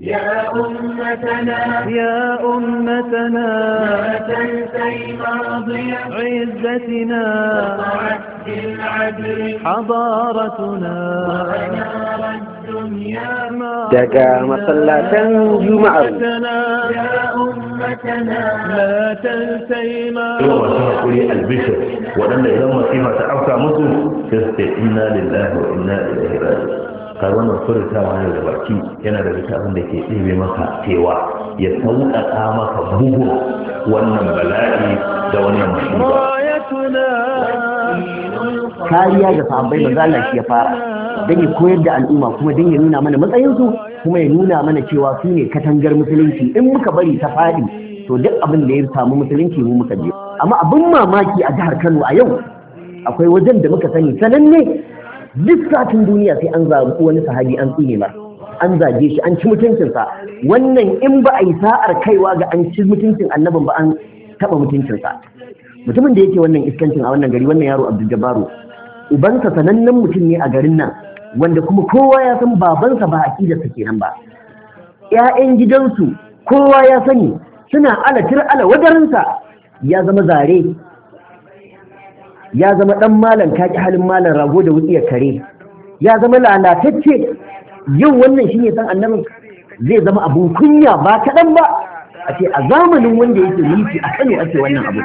يا أمتنا يا أمتنا لا تنسي ماضي عزتنا وطعت بالعدل حضارتنا ونار الدنيا دقا مصلاة جمعة يا أمتنا لا تنسي ماضي وتنقلي البشر وأن إذا ما كيف تعرف مصر فإنا لله وإنا إليه راجعون kai wannan furtawa ne da baki yana da littafin da ke ɗebe maka cewa ya sauƙaƙa maka bugu, wannan bala'i da wannan kariya ga sahabbai manzo Allah ya fara don ya koyar da al'umma kuma don ya nuna mana matsayinsu kuma ya nuna mana cewa su ne katangar musulunci in muka bari ta faɗi to duk abin da ya samu musulunci mu muka je amma abin mamaki a jihar Kano a yau akwai wajen da muka sani sananne duk satin duniya sai an zaɓi wani sahabi an tsine ma an zage shi an ci mutuncinsa wannan in ba a yi sa'ar kaiwa ga an ci mutuncin annabin ba an taɓa mutuncinsa mutumin da yake wannan iskancin a wannan gari wannan yaro abdul jabaru ubansa sanannen mutum ne a garin nan wanda kuma kowa ya san babansa ba aƙidarsa kenan ba ‘ya'yan gidansu kowa ya sani suna ala tir ala wadarinsa ya zama zare ya zama ɗan malam kaki halin malam rago da wutsiyar kare ya zama lalatacce yau wannan shi ne san annaba. zai zama abun kunya ba kaɗan ba a ce a zamanin wanda yake mulki a kano ake wannan abu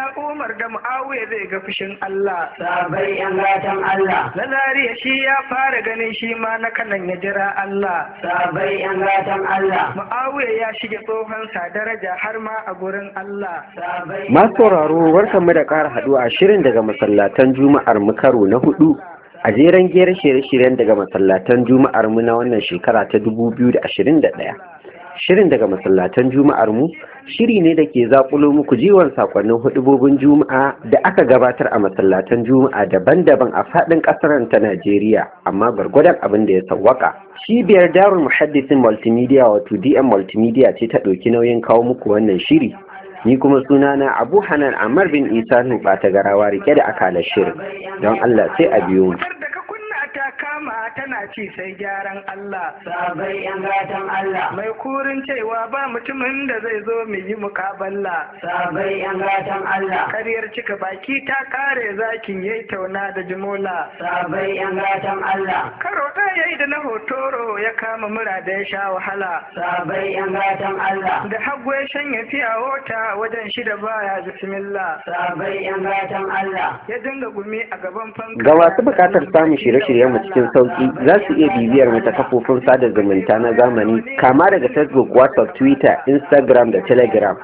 ga Muawiya zai ga fushin Allah sabai yan gatan Allah na zariya shi ya fara ganin shi ma na kanan ya jira Allah sabai yan gatan Allah Muawiya ya shige tsohon sa daraja har ma a gurin Allah sabai masu sauraro barkamu da ƙara haɗuwa a shirin daga masallatan Juma'ar mu karo na hudu a jeren gera shirye-shiryen daga masallatan Juma'ar mu na wannan shekara ta da ɗaya. Shirin daga masallatan Juma'ar mu shiri ne da ke zaƙulo muku jiwon sakonnin hudubobin Juma'a da aka gabatar a masallatan Juma'a daban-daban a faɗin ƙasar ta Najeriya amma gwargwadon abin da ya sawwaka. Cibiyar Darul Muhaddisin Multimedia wato DM Multimedia ce ta ɗauki nauyin kawo muku wannan shiri. Ni kuma sunana Abu Hanan Ammar bin Isa Nufa ta garawa rike da akalar shirin. Don Allah sai a biyo mu. kama tana ci sai gyaran Allah sabai yan gatan Allah mai kurin cewa ba mutumin da zai zo mu yi mukaballa sabai yan gatan Allah Karyar cika baki ta kare zakin yayi tauna da jimola sabai yan gatan Allah karo ɗaya yayi da na hotoro ya kama mura da ya sha wahala sabai yan gatan Allah da hagwe shanya fiya wota wajen shida baya bismillah sabai yan gatan Allah ya dinga gumi a gaban fanka ga masu bukatar samun shirye-shiryen mu cikin sauki za su iya bibiyar mu ta kafofin sada zumunta na zamani kama daga facebook whatsapp twitter instagram da telegram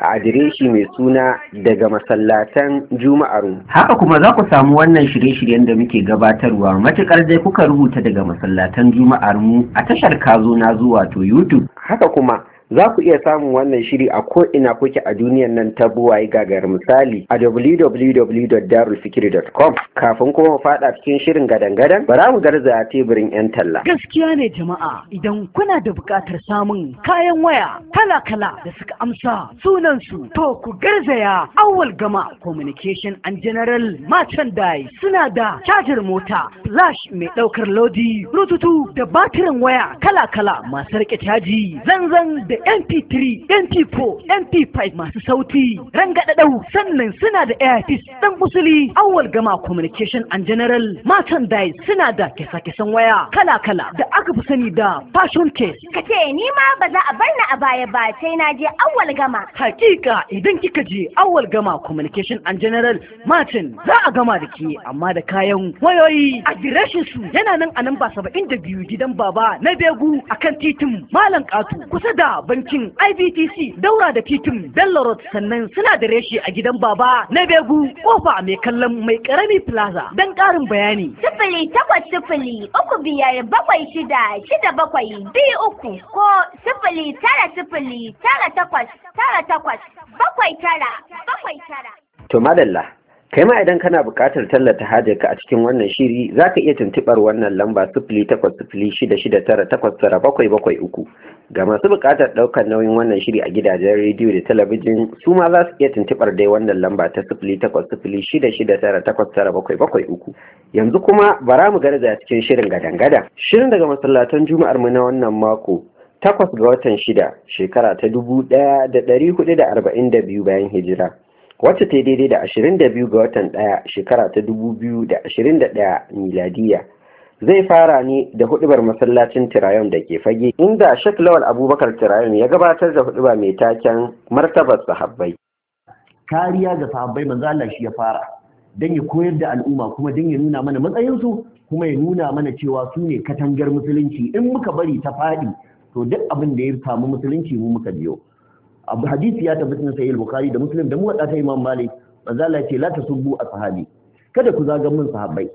a adireshi mai suna daga masallatan juma'aru haka kuma za ku samu wannan shirye-shiryen da muke gabatarwa matukar dai kuka rubuta daga masallatan juma'ar mu a tashar kazo na zuwa to youtube haka kuma Za ku iya samun wannan shiri a ko ina kuke a duniyar nan ta buwaye gagar misali a www.darulfikiri.com kafin kuma faɗa cikin shirin gadan-gadan bara mu garzaya teburin 'yan talla. Gaskiya ne jama'a idan kuna da buƙatar samun kayan waya kala-kala da suka amsa sunansu to ku garzaya awal gama communication and general merchandise suna da cajar mota flash mai ɗaukar lodi rututu da batirin waya kala-kala masu rike caji zanzan da da mp3 mp4 mp5 masu sauti rangadadau sannan suna da airfis dan kusuri awal gama communication and general matan dai suna da kesa-kesan waya kala-kala da aka fi sani da fashion case ka ce ni ma ba za a bar ni a baya ba sai na je awal gama hakika idan kika je awal gama communication and general matan za a gama da ke amma da kayan wayoyi adireshin su yana nan a nan ba saba'in da biyu gidan baba na begu akan titin malam katu kusa da bankin IBTC daura da titin Bello Road sannan suna da reshe a gidan baba na Begu kofa mai kallon mai karami plaza don karin bayani. Sifili takwas sifili uku biyar bakwai shida shida bakwai biyu uku ko sifili tara sifili tara takwas tara takwas bakwai tara bakwai tara. To madalla kai ma idan kana buƙatar tallata hajarka a cikin wannan shiri za ka iya tuntuɓar wannan lamba sufuli takwas sufuli shida shida tara takwas tara bakwai bakwai uku ga masu buƙatar ɗaukar nauyin wannan shiri a gidajen rediyo da talabijin su ma za su iya tuntuɓar dai wannan lamba ta sufuli takwas sufuli shida shida tara takwas tara bakwai bakwai uku yanzu kuma bara mu garza cikin shirin gadan gada. shirin daga masallatan juma'ar mu na wannan mako takwas ga watan shida shekara ta dubu ɗaya da ɗari hudu da arba'in da biyu bayan hijira wacce ta daidai da 22 ga watan ɗaya shekara ta 2021 miladiya zai fara ne da hudubar masallacin tirayon da ke fage inda shek lawal abubakar tirayon ya gabatar da hudubar mai taken martabar sahabbai kariya ga sahabbai manzo Allah shi ya fara dan ya koyar da al'umma kuma dan ya nuna mana matsayinsu kuma ya nuna mana cewa su ne katangar musulunci in muka bari ta faɗi to duk abin da ya samu musulunci mu muka biyo abu hadisi ya na sai al-bukhari da muslim da muwadda ta imam malik manzo Allah ce la tasubbu ashabi kada ku zaga mun sahabbai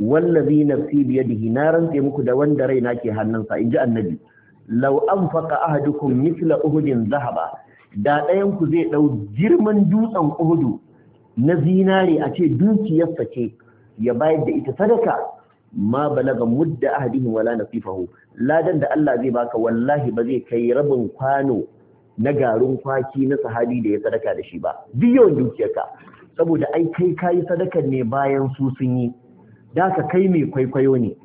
wallazi nafsi bi yadihi naran sai muku da wanda raina ke hannunsa inji annabi law anfaqa ahadukum mithla uhudin zahaba da ɗayan ku zai dau girman dutsen uhudu na zinare a ce dukiyarsa ce ya bayar da ita sadaka ma balaga mudda ahadihim wala nasifahu ladan da Allah zai baka wallahi ba zai kai rabin kwano na garin kwaki na sahabi da ya sadaka da shi ba duk yawan dukiyarka saboda ai kai kayi sadakar ne bayan su sun yi da ka kai mai kwaikwayo ne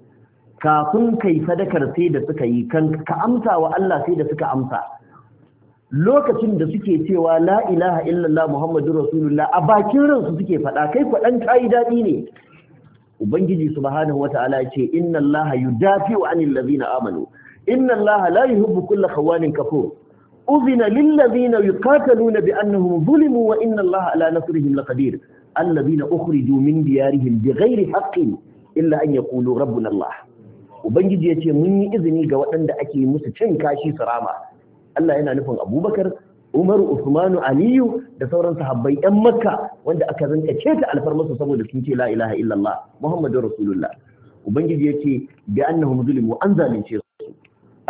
kafin kai sadakar sai da suka yi kan ka amsa wa Allah sai da suka amsa lokacin da suke cewa la ilaha illallah muhammadur rasulullah a bakin ransu suke faɗa kai kwaɗan kayi daɗi ne ubangiji subhanahu wataala ya ce inna allaha yudafi'u anil ladzina amanu inna allaha la yuhibbu kulla khawanin kafur أذن للذين يقاتلون بأنهم ظلموا وإن الله على نصرهم لقدير الذين أخرجوا من ديارهم بغير حق إلا أن يقولوا ربنا الله وبنجد يتي مني إذني قوأن دا أكي مسجن كاشي سراما الله Allah yana أبو بكر Umaru Usmanu Aliyu da sauran sahabbai ‘yan Makka wanda aka zanka ce ta alfarmasu saboda sun ce la ilaha illallah Muhammadu Rasulullah. Ubangiji ya ce da an zalunce su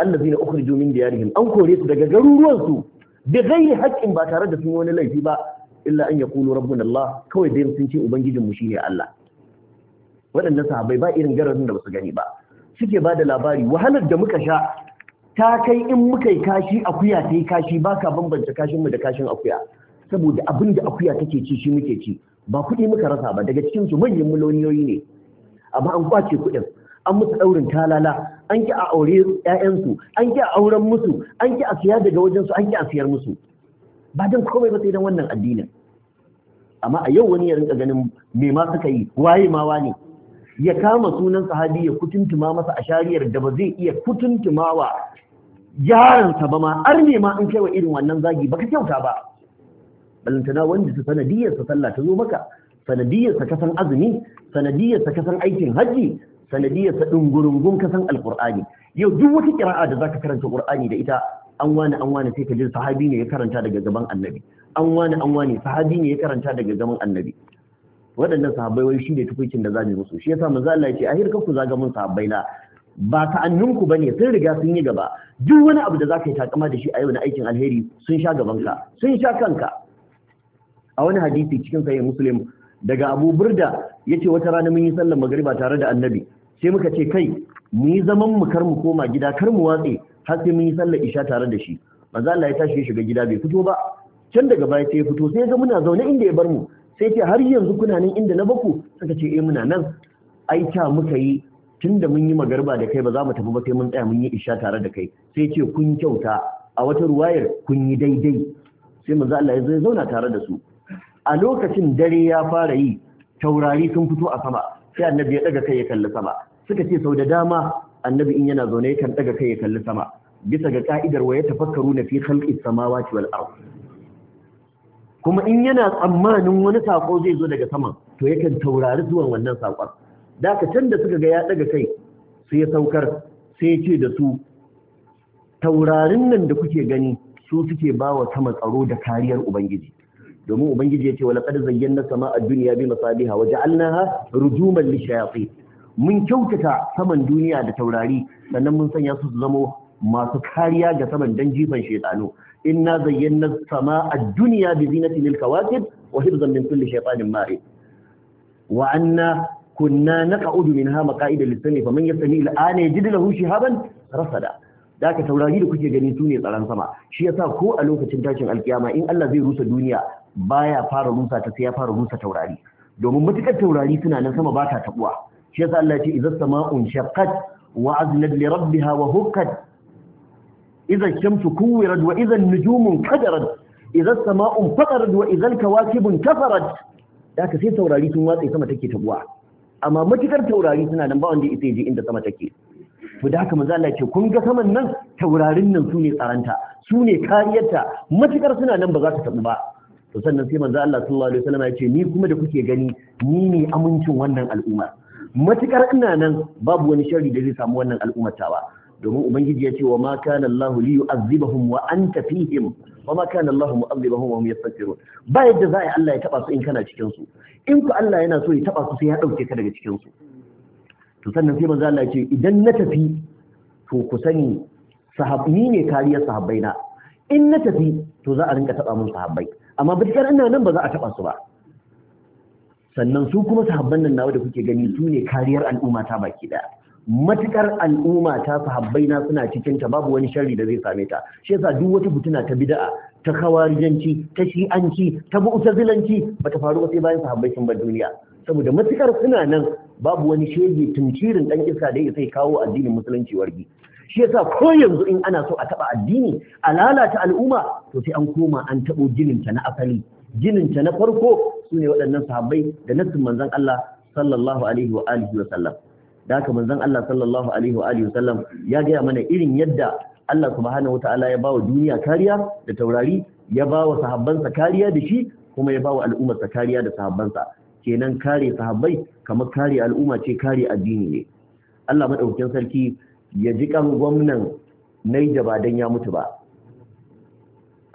allazina ukhriju min diyarihim an kore su daga garuruwansu bi yi haqqin ba tare da sun wani laifi ba illa an yaqulu rabbuna Allah kawai dai sun ce ubangijin mu shine Allah waɗannan sahabbai ba irin garazin da basu gani ba suke ba da labari wahalar da muka sha ta kai in muka yi kashi akuya ta yi kashi ba ka bambanta kashin mu da kashin akuya saboda abin da akuya take ci shi muke ci ba kuɗi muka rasa ba daga cikin su manyan miloniyoyi ne amma an kwace kuɗin an musu ɗaurin talala an ki a aure ƴaƴansu an ki a auren musu an ki a siya daga wajen su an ki a siyar musu ba dan komai ba sai dan wannan addinin amma a yau wani ya rinka ganin me ma suka yi waye ma wani ya kama sunan sahabi ya kutuntuma masa a shariyar da ba zai iya kutuntumawa yaransa ba ma arme ma an kai wa irin wannan zagi baka kyauta ba balantana wanda su sanadiyarsa sallah ta zo maka sanadiyarsa ka san azumi sanadiyarsa ka san aikin hajji sanadiyar sa din gurungun kasan Alƙur'ani. yau duk wata qira'a da zaka karanta qur'ani da ita an wani an wani sai ka ji sahabi ne ya karanta daga gaban annabi an wani an wani sahabi ne ya karanta daga gaban annabi waɗannan sahabbai wai shi ne tukukin da za mu musu shi yasa manzo Allah ya ce ahir ku zaga mun sahabbai na ba ba bane sun riga sun yi gaba duk wani abu da za ka yi takama da shi a yau na aikin alheri sun sha gaban ka sun sha kanka a wani hadisi cikin sahih muslim daga Abu Burda yace wata rana mun yi sallar magriba tare da Annabi sai muka ce kai mu zaman mu kar mu koma gida kar mu watse har sai mun yi sallar isha tare da shi manzo Allah ya tashi ya shiga gida bai fito ba can daga baya sai ya fito sai ga muna zaune inda ya bar mu sai ce har yanzu kuna nan inda na baku suka ce eh muna nan ai ta muka yi tunda mun yi magarba da kai ba za mu tafi ba sai mun tsaya mun yi isha tare da kai sai ce kun kyauta a wata ruwayar kun yi daidai sai manzo Allah ya zo ya zauna tare da su a lokacin dare ya fara yi taurari sun fito a sama sai annabi ya daga kai ya kalli sama suka ce sau da dama annabi in yana zaune kan daga kai ya kalli sama bisa ga ka'idar wa ya tafakkaru na fi khalqi samawati wal ard kuma in yana tsammanin wani sako zai zo daga sama to yakan taurari zuwan wannan sakon da ka can da suka ga ya daga kai sai ya saukar sai ya ce da su taurarin nan da kuke gani su suke ba wa sama tsaro da kariyar ubangiji domin ubangiji ya ce wala qad zayyana sama'a ad-dunya bi masabiha wa ja'alnaha rujuman lishayatin mun kyautata saman duniya da taurari sannan mun sanya su zamo masu kariya ga saman dan jifan shaytanu inna zayyana sama a duniya bi zinatin al-kawakib wa hifzan min kulli shaytanin marid wa anna kunna naq'udu minha maqa'ida lis-sami faman yastami al-ana yajid lahu shihaban rasada da ka taurari da kuke gani su ne tsaron sama shi yasa ko a lokacin tashin alkiyama in Allah zai rusa duniya baya fara rusa ta sai ya fara rusa taurari domin matukar taurari suna nan sama ba ta tabuwa shi yasa Allah ya ce idza sama'un shaqqat wa aznat li rabbiha wa hukkat idza shamsu kuwirat wa idza an-nujumu qadarat idza as-sama'u fatarat wa idza al-kawakibu da ka sai taurari sun watsa sama take tabuwa amma matukar taurari suna nan ba wanda ya je inda sama take to da haka manzo Allah ya ce kun ga saman nan taurarin nan su ne tsaranta su ne kariyarta matukar suna nan ba za ta tabu ba to sannan sai manzo Allah sallallahu alaihi wasallam ya ce ni kuma da kuke gani ni ne amincin wannan al'umma matukar ina nan babu wani shari da zai samu wannan al'ummatawa. domin ubangiji ya ce wa ma kana Allah li yu'azzibahum wa anta fihim wa ma kana Allah mu'azzibahum wa hum yastaghfirun ba yadda za a yi Allah ya taba su in kana cikin in ku Allah yana so ya taba su sai ya dauke ka daga cikin su to sannan sai manzo Allah ya ce idan na tafi to ku sani sahabbi ne kariyar na in na tafi to za a rinka taba mun sahabbai amma bidkar ina nan ba za a taba su ba sannan su kuma sahabban nan nawa da kuke gani su ne kariyar al'umma ta baki daya matukar al'umma ta sahabbai na suna cikin ta babu wani sharri da zai same ta shi yasa duk wata fituna ta bid'a ta kawarijanci ta shi'anci ta mu'tazilanci bata faru ba sai bayan sahabbai sun bar duniya saboda matukar suna nan babu wani shege tuntirin dan iska da yake kawo addinin musulunci wargi shi yasa ko yanzu in ana so a taba addini a lalata al'umma to sai an koma an tabo ginin ta na asali ta na farko sune waɗannan sahabbai da nassin manzon Allah sallallahu alaihi wa alihi wa sallam da haka manzon Allah sallallahu alaihi wa alihi wa sallam ya gaya mana irin yadda Allah subhanahu wataala ya bawa duniya kariya da taurari ya bawa sahabbansa kariya da shi kuma ya bawa al'ummarsa kariya da sahabbansa kenan kare sahabbai kamar kare al'umma ce kare addini ne Allah madaukakin sarki ya ji kan gwamnan Naija ba dan ya mutu ba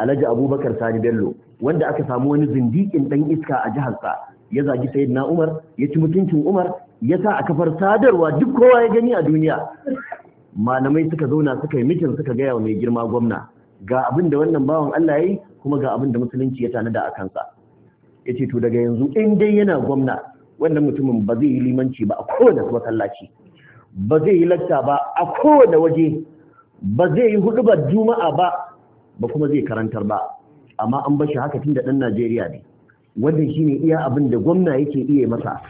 Alhaji Abubakar Sani Bello wanda aka samu wani zindikin ɗan iska a jihar jiharsa ya zagi sayyidina Umar ya ci mutuncin Umar ya sa a kafar sadarwa duk kowa ya gani a duniya malamai suka zauna suka yi mitin suka gaya wa mai girma gwamna ga abin da wannan bawan Allah yayi kuma ga abin da musulunci ya tanada a kansa yace to daga yanzu in dai yana gwamna wannan mutumin ba zai yi limanci ba a kowane masallaci ba zai yi lakta ba a kowane waje ba zai yi hudubar juma'a ba ba kuma zai karantar ba amma an bashi haka tun da ɗan Najeriya ne wannan shine iya abin da gwamna yake iya masa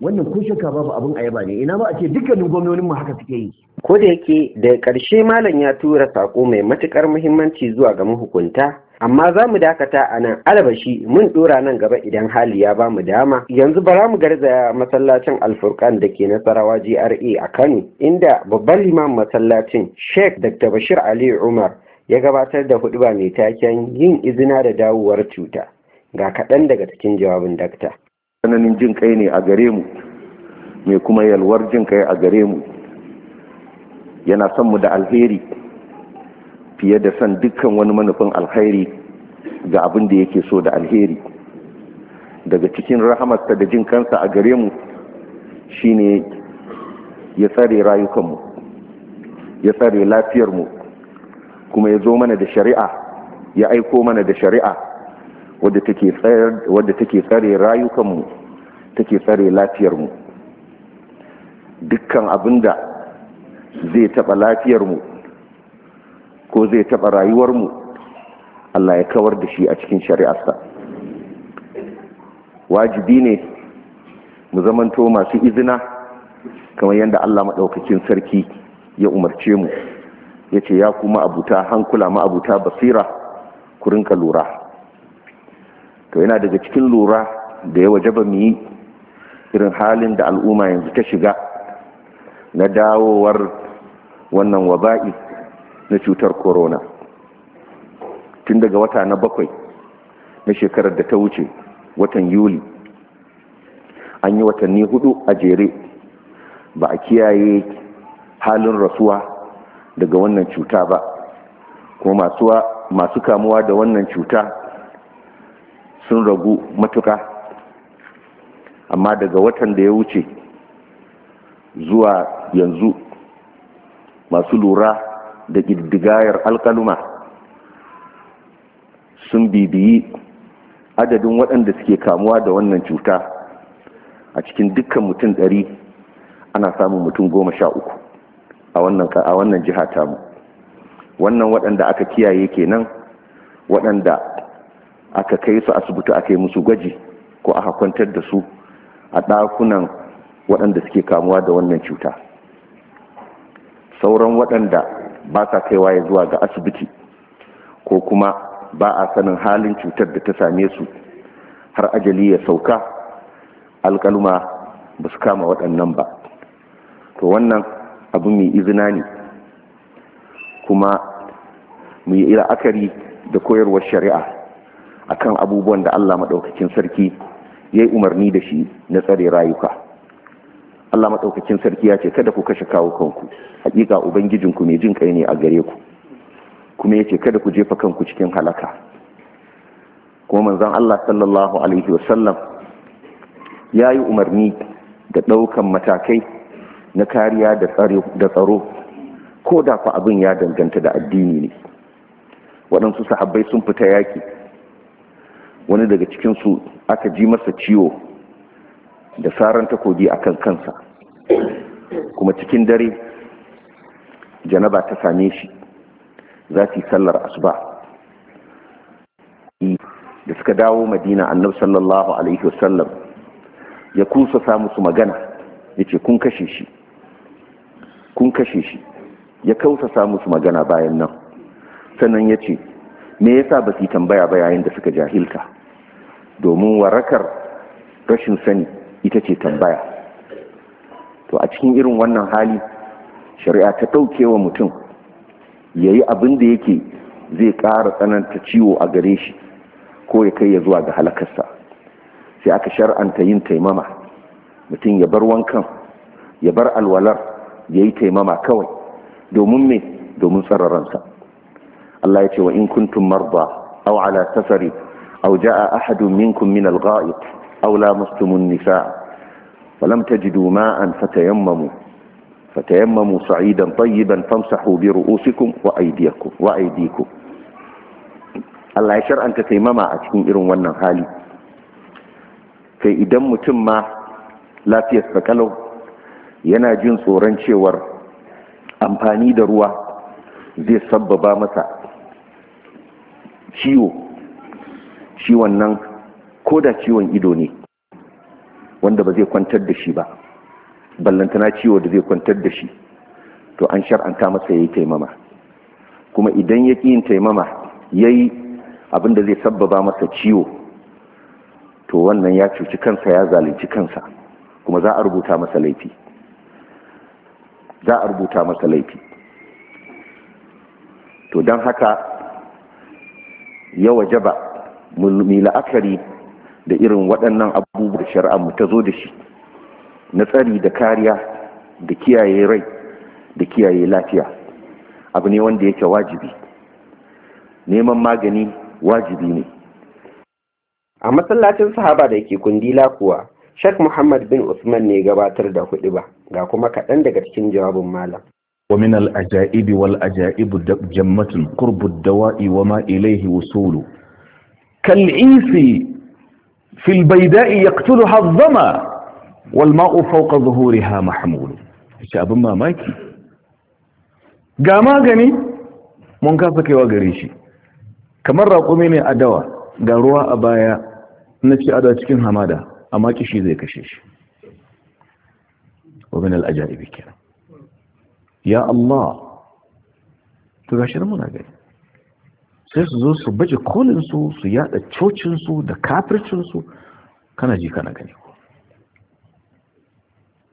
wannan ko shakka babu abin ayaba ne ina ba a ce dukkanin gwamnonin mu haka suke yi ko da yake da ƙarshe malam ya tura sako mai matukar muhimmanci zuwa ga hukunta, amma za mu dakata a nan alabashi mun dora nan gaba idan hali ya ba mu dama yanzu bara mu garzaya masallacin alfurkan da ke nasarawa GRA a Kano inda babban liman masallacin Sheikh Dr. Bashir Ali Umar ya gabatar da huduba mai taken yin izina da dawowar cuta ga kaɗan daga cikin jawabin dakta tsananin jin kai ne a gare mu mai kuma yalwar jin kai a gare mu yana son mu da alheri fiye da son dukkan wani manufin alheri ga abin da yake so da alheri daga cikin rahamarsa da jin kansa a gare mu shine ya tsare rayukanmu ya tsare lafiyarmu kuma ya zo mana da shari'a ya aiko mana da shari'a wadda take tsare rayukanmu take tsare lafiyarmu dukkan abinda zai taɓa lafiyarmu ko zai taɓa rayuwarmu Allah ya kawar da shi a cikin shari'arsa wajibi ne mu zamanto masu izina kamar yadda Allah maɗaukakin sarki ya umarce mu ya ce ya kuma abuta hankula ma ma'abuta basira ku rinka lura to yana daga cikin lura da ya wajaba mu yi irin halin da al'umma yanzu ta shiga na dawowar wannan waba'i na cutar corona tun daga wata na bakwai na shekarar da ta wuce watan yuli an yi watanni hudu a jere ba a kiyaye halin rasuwa daga wannan cuta ba kuma masu kamuwa da wannan cuta sun ragu matuka amma daga watan da ya wuce zuwa yanzu masu lura da ƙiddigayar alkaluma sun bibiyi adadin waɗanda suke kamuwa da wannan cuta a cikin dukkan mutum ɗari ana samun mutum goma sha uku a wannan jiha ta mu wannan waɗanda aka kiyaye kenan waɗanda aka kai su asibiti aka yi musu gwaji ko aka kwantar da su a ɗakunan waɗanda suke kamuwa da wannan cuta sauran waɗanda ba sa kaiwa ya zuwa ga asibiti ko kuma ba a sanin halin cutar da ta same su har ajali ya sauka alkaluma ba su kama waɗannan ba to wannan abu mai izina ne kuma mu yi la'akari da koyarwar shari'a akan abubuwan da Allah maɗaukakin sarki ya yi umarni da shi na tsare rayuka Allah maɗaukakin sarki ya ce kada ku kashe kawo kanku haƙiƙa ubangijinku mai jin kai ne a gare ku kuma ya ce kada ku jefa kanku cikin halaka kuma manzon Allah sallallahu alaihi wasallam ya yi umarni da ɗaukan matakai na kariya da tsaro ko da fa abin ya danganta da addini ne waɗansu sahabbai sun fita yaki wani daga cikinsu aka ji masa ciwo da saran takobi a kan kansa kuma cikin dare janaba ta same shi za su yi sallar asuba da suka dawo madina annab sallallahu alaihi wasallam ya kusa samu su magana ya ce kun kashe shi kun kashe shi ya kausa samu musu magana bayan nan sannan ya ce me yasa ba su tambaya ba yayin da suka jahilta domin warakar rashin sani ita ce tambaya to a cikin irin wannan hali shari'a ta ɗauke wa mutum ya yi abin da yake zai ƙara tsananta ciwo a gare shi ko ya kai ya zuwa ga halakarsa sai aka shar'anta yin taimama mutum ya bar wankan ya bar alwalar ya yi taimama kawai domin me domin tsararansa Allah ya ce wa in kuntum marda aw ala safari aw jaa ahadu minkum min al-gha'it aw lamastum an-nisaa lam tajidu ma'an fatayammamu fatayammamu sa'idan tayyiban famsahu bi ru'usikum wa aydiyakum wa aydikum Allah ya shar'anta taimama a cikin irin wannan hali sai idan mutum ma lafiyar kalau yana jin tsoron cewar amfani da ruwa zai sabbaba masa ciwo ciwon nan ko da ciwon ido ne wanda ba zai kwantar da shi ba ballantana ciwo da zai kwantar da shi to an shar'anta masa ya yi taimama kuma idan ya ƙi yin taimama ya yi abinda zai sabbaba masa ciwo to wannan ya cuci kansa ya zalunci kansa kuma za a rubuta masa laifi za a rubuta masa laifi to don haka ya wajaba mu la'akari da irin waɗannan abubuwan shari'a mu ta zo da shi na tsari da kariya da kiyaye rai da kiyaye lafiya abu ne wanda yake wajibi neman magani wajibi ne a masallacin sahaba da yake kundila kuwa Sheikh Muhammad bin Usman ne gabatar da hudu ba ga kuma kaɗan daga cikin jawabin malam. ومن الأجائب والأجائب جمة قرب الدواء وما إليه وصول كالعيس في البيداء يقتلها الظما والماء فوق ظهورها محمول شاب ما ماكي قاما غني منكاسك وغريشي كمرة قميني أدوى قاروا أبايا نتشي أدوى تشكين همادا amma kishi zai kashe shi Wani al'ajaribi kenan ya Allah to gashi muna gani sai su zo su baje kolinsu su yada cocinsu da kafircinsu kana ji kana gani ko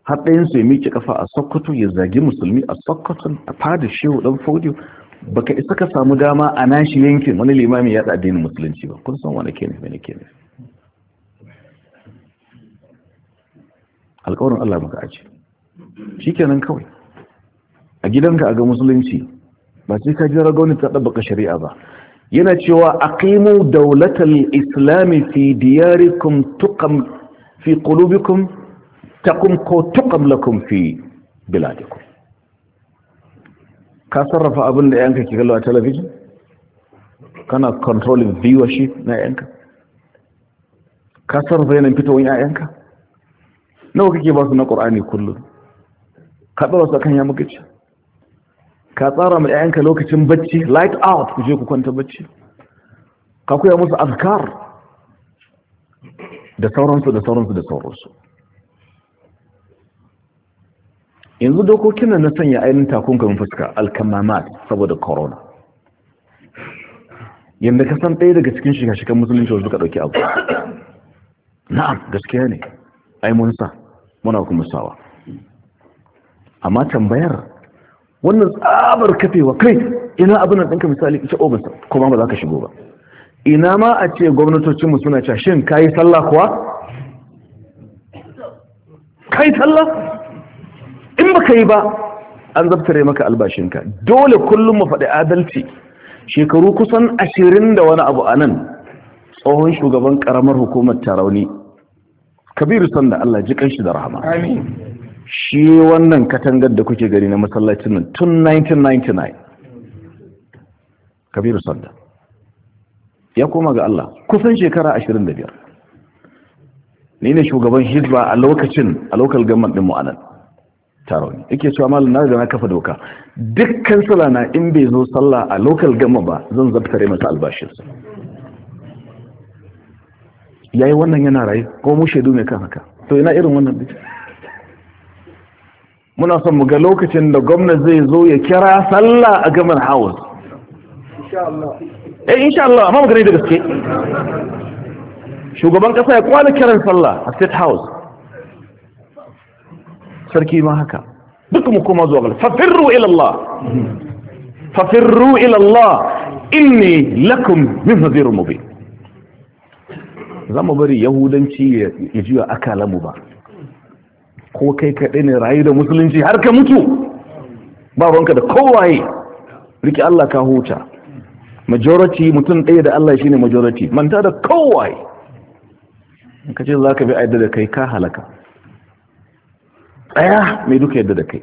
har ya miƙe kafa a sokoto ya zagi musulmi a sokoto a fada shehu ɗan fodiyo baka isa ka samu dama a nashi yankin wani limami ya addinin musulunci ba kun san wani kenan ne wani alƙawarin Allah maka aji kenan kawai a gidanka a ga musulunci ba sai ka jira gwamnati ta ɗabbaka shari'a ba yana cewa aqimu daulatar islami fi diyarikum tukam fi ta taqum ko tukam lakun fi biladikum ka sarrafa abin da yanka ke kallo a talabijin kana controlling viewership na yanka ka sarrafa yanayin fitowar yayanka nawa kake ba su na ƙur'ani kullum ka tsara su kan ya muka ce ka tsara mai 'ya'yanka lokacin bacci light out ku je ku kwanta bacci ka koya musu azkar da sauransu da sauransu da sauransu yanzu dokokin nan na sanya ainihin takunkan fuska alkamamat saboda corona yadda ka san ɗaya daga cikin shiga shigar musulunci wasu ka ɗauki abu na'am gaskiya ne ai mun sa muna kuma sawa amma tambayar wannan tsabar kafewa kai ina abin nan ɗinka misali ita obinsa kuma ba za ka shigo ba ina ma a ce gwamnatocinmu suna cewa shin ka yi sallah kuwa ka yi sallah in ba ka yi ba an zabtare maka albashinka dole kullum mu faɗi adalci shekaru kusan ashirin da wani abu a nan tsohon shugaban ƙaramar hukumar tarauni kabiru sanda Allah ji kanshi da rahama shi wannan katangar da kuke gari na masallacin nan tun 1999 kabiru sanda ya koma ga Allah kusan shekara 25 ne ne shugaban hizba a lokacin a local government din mu anan taron yake cewa malam na ga na kafa doka dukkan sala na in bai zo sallah a local government ba zan zabtare masa albashinsa yayi wannan yana raye ko mu shaidu ne kan haka to ina irin wannan bi muna son mu ga lokacin da gwamnati zai zo ya kira sallah a gaban house insha Allah eh insha Allah amma magana da gaske shugaban kasa ya kwana kiran sallah a state house sarki ma haka duk mu koma zuwa gaba fafirru ila Allah fafirru ila Allah inni lakum min nadhirun mubin za bari yahudanci ya juya akalamu ba ko kai kaɗai ne rayu da musulunci har ka mutu ba wanka da kowaye riki Allah ka huta majority mutum ɗaya da Allah shi ne majority manta da kowaye ka ce za ka bi aida da kai ka halaka ɗaya mai duka yadda da kai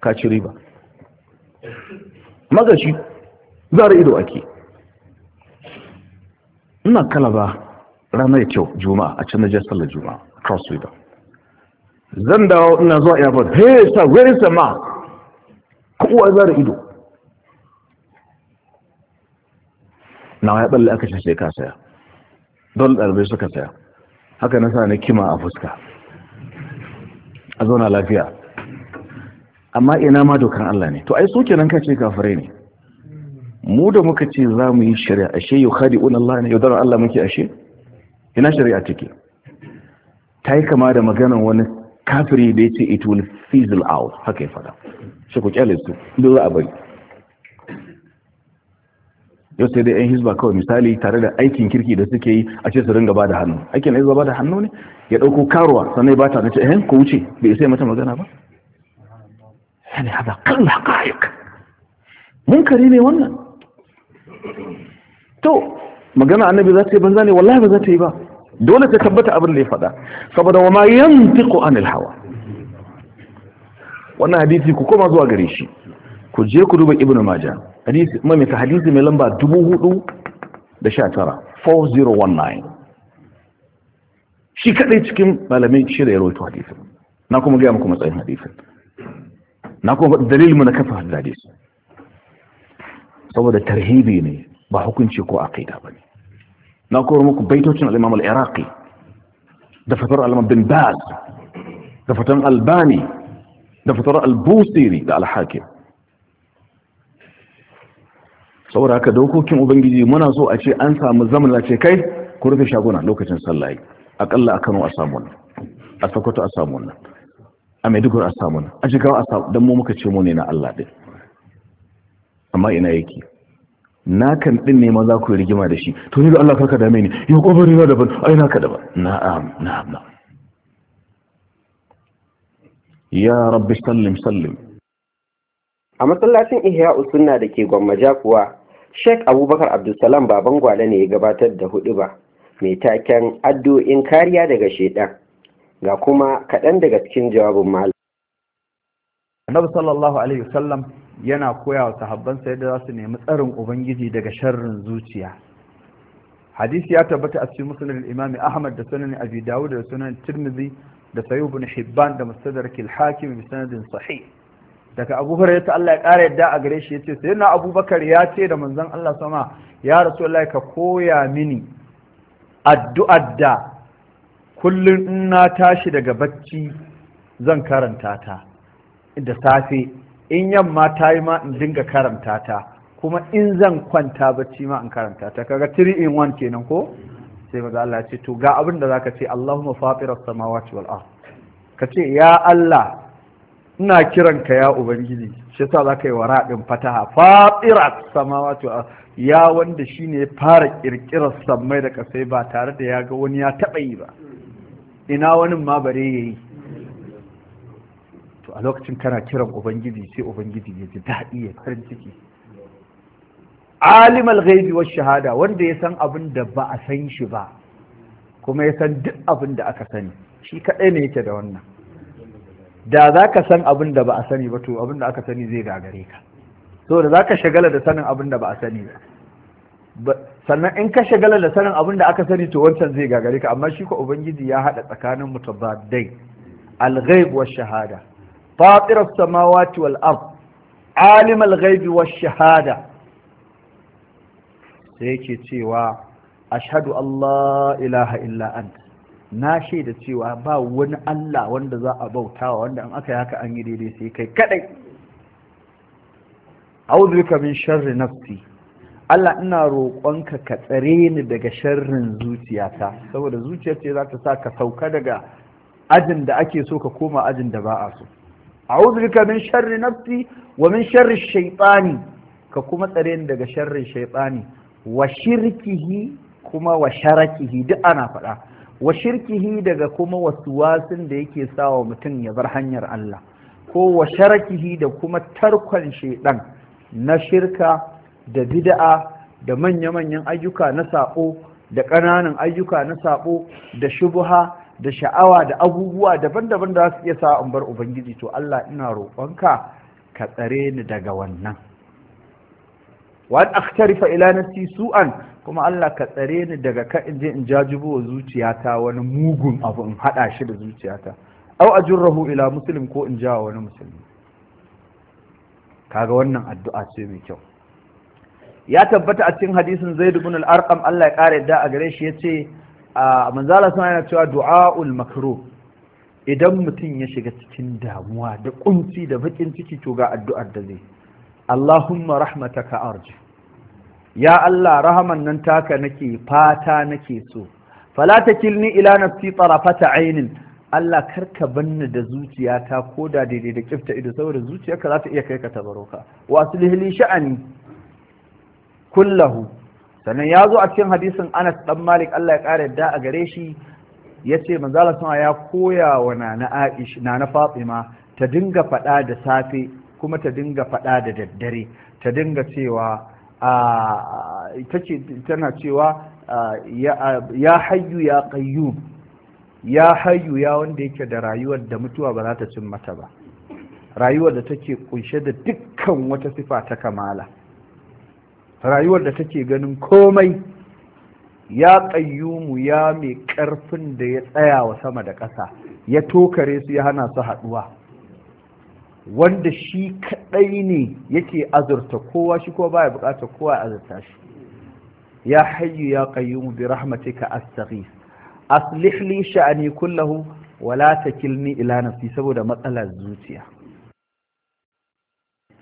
ka ci riba magashi zara ido ake ina kala ba. ranar kyau juma'a a can naje sallar juma'a cross river zan dawo ina zuwa airport hey sir where is the man kowa zara ido nawa ya balle aka ce ka saya Don ɗalibai suka saya haka na sa na kima a fuska a zauna lafiya amma ina ma dokan Allah ne to ai so kenan ka ce kafirai ne mu da muka ce za mu yi shari'a ashe yau khadi'un Allah ne yaudarar Allah muke ashe ina shari'a take ta yi kama da maganar wani kafiri da ya ce it will fizzle out haka ya fada shi ku kyale su duk za a bari yau sai dai 'yan hizba kawai misali tare da aikin kirki da suke yi a ce su ringa ba da hannu aikin hizba ba da hannu ne ya ɗauko karuwa sannan ba ta na ce ehen ko wuce bai isa mata magana ba yana haɗa kan haƙa'iƙ munkari ne wannan to magana annabi za ta yi banza ne wallahi ba za ta yi ba dole ta tabbata abin da ya faɗa saboda wa ma yantiqu anil hawa wannan hadisi ku koma zuwa gare shi ku je ku duba ibnu maja hadisi mai hadisi mai lamba 4019 4019 shi kadai cikin malamai shirya rawaito hadisin na kuma gaya muku matsayin hadisi. na kuma dalilin mu na kafa hadisi. saboda tarhibi ne ba hukunci ko aqida bane na koro muku baitocin al-imam al-iraqi da fatar al-imam bin baz da albani da fatar al-busiri da al-hakim saboda haka dokokin ubangiji muna so a ce an samu zaman da ce kai ku rufe shaguna lokacin sallah akalla a Kano a samu wannan a Sokoto a samu wannan a Maiduguri a samu wannan a Jigawa a samu dan mu muka ce mu ne na Allah din amma ina yake na kan din ne maza ku rigima da shi to ni da Allah karka dame ni ya kofari na daban ai naka daban na'am na'am na'am ya rabbi sallim sallim a masallacin ihya usunna da ke gwammaja kuwa sheikh abubakar abdulsalam baban gwale ne ya gabatar da ba, mai taken addu'in kariya daga shaidan ga kuma kaɗan daga cikin jawabin malam annabi sallallahu alaihi wasallam yana koya wa sahabbansa yadda za su nemi tsarin ubangiji daga sharrin zuciya hadisi ya tabbata a cikin musulun imami ahmad da sunan abi dawud da sunan tirmidhi da sayyid ibn hibban da mustadrak al-hakim bi sanadin sahih daga abu hurairah Allah ya kara yadda a gare shi yace sayyidina abubakar ya ce da manzon Allah sama ya rasulullahi ka koya mini addu'ar da kullun in na tashi daga bacci zan karanta ta da safe in yamma ta yi ma in dinga karanta ta kuma in zan kwanta bacci ma in karanta ta kaga 3 in 1 kenan ko sai maza Allah ya ce to ga abin da zaka ce Allahumma fatiras samawati wal ard ka ce ya Allah ina kiranka ya ubangiji shi yasa zaka yi wara din fataha fatiras samawati wal ard ya wanda shine ya fara kirkirar sammai da kasai ba tare da ya ga wani ya taba yi ba ina wani ma bare yayi a lokacin kana kiran ubangiji sai ubangiji ya ji daɗi ya farin ciki alimal ghaibi wa shahada wanda ya san abin da ba a san shi ba kuma ya san duk abin da aka sani shi kaɗai ne yake da wannan da za ka san abin da ba a sani ba to abin da aka sani zai gagare ka so da za ka shagala da sanin abin da ba a sani ba sannan in ka shagala da sanin abin da aka sani to wancan zai gagare ka amma shi ko ubangiji ya haɗa tsakanin mutabadai al-ghaib wa shahada fatirar samawati wal ard alimal ghaibi wash shahada sai yake cewa ashadu allah ilaha illa na shaida cewa ba wani Allah wanda za a bautawa wanda an aka yi haka an yi daidai sai kai kadai a'udhu bika min sharri nafsi Allah ina rokonka ka tsare ni daga sharrin zuciyata saboda zuciyar ce zata sa ka sauka daga ajin da ake so ka koma ajin da ba a so a'udhu bika min sharri nafsi wa min sharri shaytani ka kuma tsare ni daga sharrin shaytani wa shirkihi kuma wa sharakihi duk ana faɗa wa shirkihi daga kuma wasuwasin da yake sawa mutum ya bar hanyar Allah ko wa sharakihi da kuma tarkon shaiɗan na shirka da bid'a da manya-manyan ayyuka na saɓo da ƙananan ayyuka na saɓo da shubuha da sha'awa da abubuwa daban-daban da su iya sa in bar ubangiji to Allah ina roƙonka ka tsare ni daga wannan wa an akhtarifa ila na su'an kuma Allah ka tsare ni daga ka in je in jajibo wa zuciyata wani mugun abu in haɗa shi da zuciyata Au jin rahu ila musulun ko in jawa wani musulmi kaga wannan addu'a ce mai kyau ya tabbata a cikin hadisin zaid ibn al-arqam Allah ya kare da a gare shi ya ce a manzala yana cewa du'a'ul makruh idan mutum ya shiga cikin damuwa da kunci da bakin ciki to ga addu'ar da zai Allahumma rahmataka arju ya Allah rahaman nan taka nake fata nake so fala takilni ila nafsi tarafata ainin Allah karka banni da zuciyata ko da daidai da kifta ido saboda zuciyarka za ta iya kai ka tabaroka wa aslih li sha'ani kullahu sannan ya zo a cikin hadisin anas dan malik allah ya kara yadda a gare shi ya ce manzala sama ya koya wa nana aish nana fatima ta dinga faɗa da safe kuma ta dinga faɗa da daddare ta dinga cewa tana cewa ya hayyu ya qayyum ya hayyu ya wanda yake da rayuwar da mutuwa ba za ta cin mata ba rayuwar da take kunshe da dukkan wata sifa ta kamala rayuwar da take ganin komai ya mu ya mai ƙarfin da ya tsaya wa sama da ƙasa ya tokare su ya hana su haɗuwa wanda shi kaɗai ne yake azurta kowa shi ko baya buƙatar kowa azurta shi ya hayyu ya ƙayyumu bi rahmatika astaghis aslih li sha'ani kullahu wala takilni ila nafsi saboda matsalar zuciya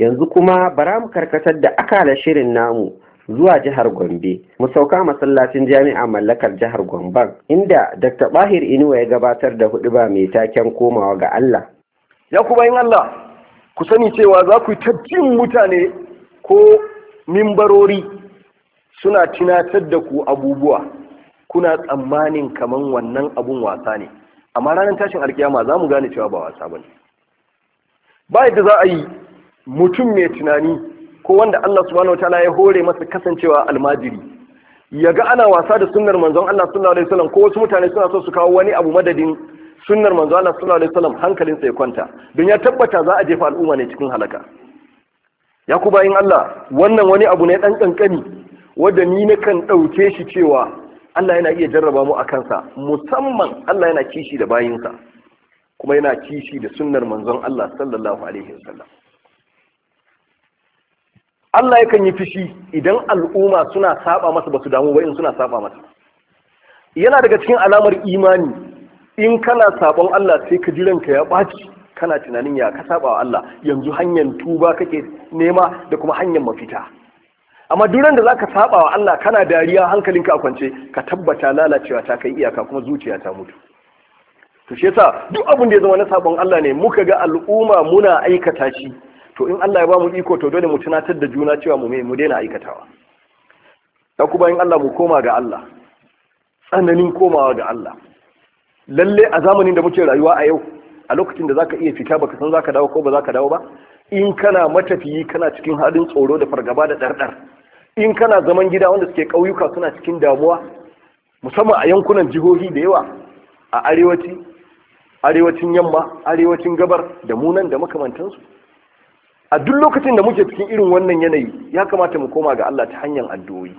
yanzu kuma bara mu karkatar da akala shirin namu zuwa jihar Gombe, mu sauka masallacin jami'a mallakar jihar Gomban, inda Dr. Bahir Inuwa ya gabatar da ba mai taken komawa ga Allah. Ya kuma yin Allah, ku sani cewa za ku ta mutane ko mimbarori suna tunatar da ku abubuwa, kuna tsammanin kamar wannan abun wasa ne, amma ranar tashin alkiyama za mu gane cewa ba wasa ba ne. Ba yadda za a yi mutum mai tunani ko wanda Allah subhanahu wataala ya hore masa kasancewa almajiri yaga ana wasa da sunnar manzon Allah sallallahu alaihi wasallam ko wasu mutane suna so su kawo wani abu madadin sunnar manzon Allah sallallahu alaihi wasallam hankalin sa ya kwanta don ya tabbata za a jefa al'umma ne cikin halaka ya ku bayin Allah wannan wani abu ne ɗan kankani wanda ni na kan dauke shi cewa Allah yana iya jarraba mu a kansa musamman Allah yana kishi da bayinsa kuma yana kishi da sunnar manzon Allah sallallahu alaihi wasallam Allah yakan yi fishi idan al'umma suna saba masa ba su damu ba suna saba masa yana daga cikin alamar imani in kana sabon Allah sai ka jiran ka ya ɓaci kana tunanin ya ka saba wa Allah yanzu hanyar tuba kake nema da kuma hanyar mafita amma duran da za ka saba wa Allah kana dariya hankalinka a kwance ka tabbata lalacewa ta kai iyaka kuma zuciya ta mutu to shi duk abin da ya zama na sabon Allah ne muka ga al'umma muna aikata shi to in Allah ya ba mu iko to dole mu tunatar da juna cewa mu mu daina aikatawa ta kuma in Allah mu koma ga Allah tsananin komawa ga Allah lalle a zamanin da muke rayuwa a yau a lokacin da zaka iya fita baka san zaka dawo ko ba zaka dawo ba in kana matafiyi kana cikin halin tsoro da fargaba da dardar in kana zaman gida wanda suke kauyuka suna cikin damuwa musamman a yankunan jihohi da yawa a arewaci arewacin yamma arewacin gabar da munan da makamantansu a duk lokacin da muke cikin irin wannan yanayi ya kamata mu koma ga Allah ta hanyar addu'o'i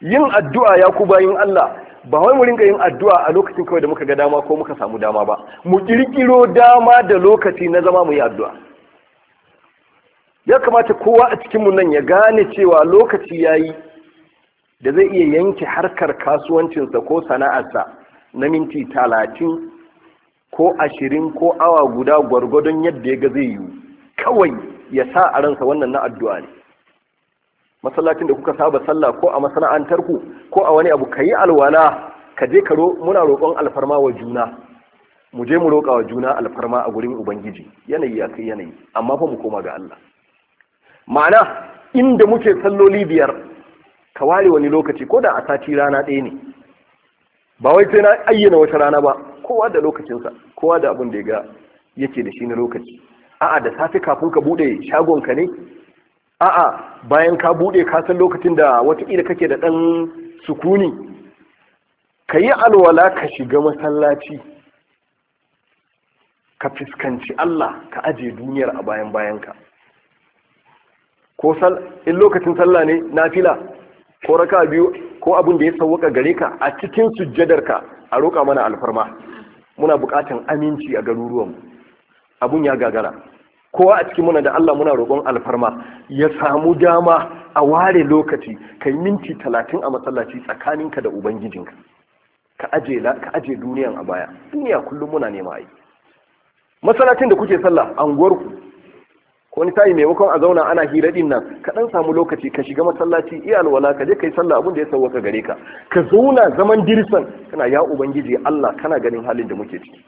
yin addu'a ya ku bayin Allah ba wai mu rinka yin addu'a a lokacin kawai da muka ga dama ko muka samu dama ba mu ƙirƙiro dama da lokaci na zama mu yi addu'a ya kamata kowa a cikinmu nan ya gane cewa lokaci ya yi da zai iya yanke harkar kasuwancinsa ko sana'arsa na minti talatin ko ashirin ko awa guda gwargwadon yadda ya ga zai yi kawai ya sa a ransa wannan na addu'a ne masallacin da kuka saba sallah ko a masana'antarku, ko a wani abu ka yi alwala ka je karo muna roƙon alfarma wa juna mu je mu roƙa wa juna alfarma a gurin ubangiji yanayi ya kai yanayi amma fa mu koma ga Allah ma'ana inda muke salloli biyar ka ware wani lokaci ko da a sati rana ɗaya ne ba wai sai na ayyana wata rana ba kowa da lokacinsa kowa da abin da ya ga yake da shi na lokaci a'a da safe kafin ka bude shagon ka ne a'a bayan ka bude ka san lokacin da watakila kake da ɗan sukuni ka yi alwala ka shiga masallaci ka fuskanci Allah ka aje duniyar a bayan bayanka ko in lokacin sallah ne nafila ko raka biyu ko abin da ya sauka gare ka a cikin sujjadarka a roƙa mana alfarma muna buƙatan aminci a garuruwan abun ya gagara kowa a cikin muna da Allah muna roƙon alfarma ya samu dama a ware lokaci kai minti talatin a matsalaci tsakaninka da ubangijinka ka aje duniyan a baya duniya kullum muna nema yi. masallacin da kuke sallah anguwarku ko wani tayi maimakon a zauna ana hira din nan ka dan samu lokaci ka shiga masallaci iya alwala ka je ka yi sallah abin da ya sauwaka gare ka ka zauna zaman dirisan, kana ya ubangiji Allah kana ganin halin da muke ciki